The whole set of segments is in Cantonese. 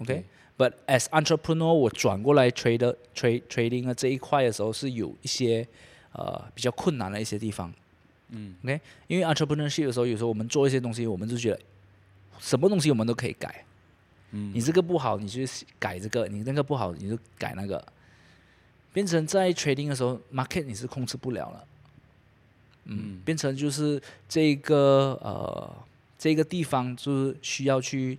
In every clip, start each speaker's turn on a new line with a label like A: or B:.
A: OK，but as entrepreneur，我轉過來 trader、trading 啊這一塊的時候，是有一些，呃，比較困難的一些地方。嗯，OK，因為 entrepreneurship 的時候，有時候我們做一些東西，我們就覺得，什麼東西我們都可以改。嗯，你這個不好，你就改這個；你那個不好，你就改那個。變成在 trading 的時候，market 你是控制不了了。嗯，嗯變成就是這個呃，這個地方就是需要去。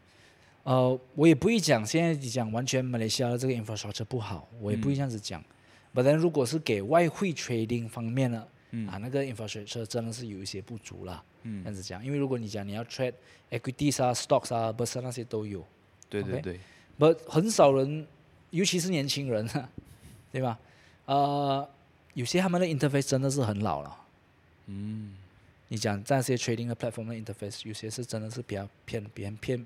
A: 呃，我也不會講，現在你講完全馬來西亞的這個 infrastructure 不好，我也不會這樣子講。But then、嗯、如果是給外匯 trading 方面啦，嗯、啊，那個 infrastructure 真的是有一些不足啦，嗯、這樣子講，因為如果你講你要 trade equities 啊、stocks 啊、bursa 那些都有，對不對？But 很少人，尤其是年輕人， 對吧？呃、uh,，有些他們的 interface 真的是很老了。嗯，你講這些 trading 的 platform 的 interface，有些是真的是比較偏，偏，偏，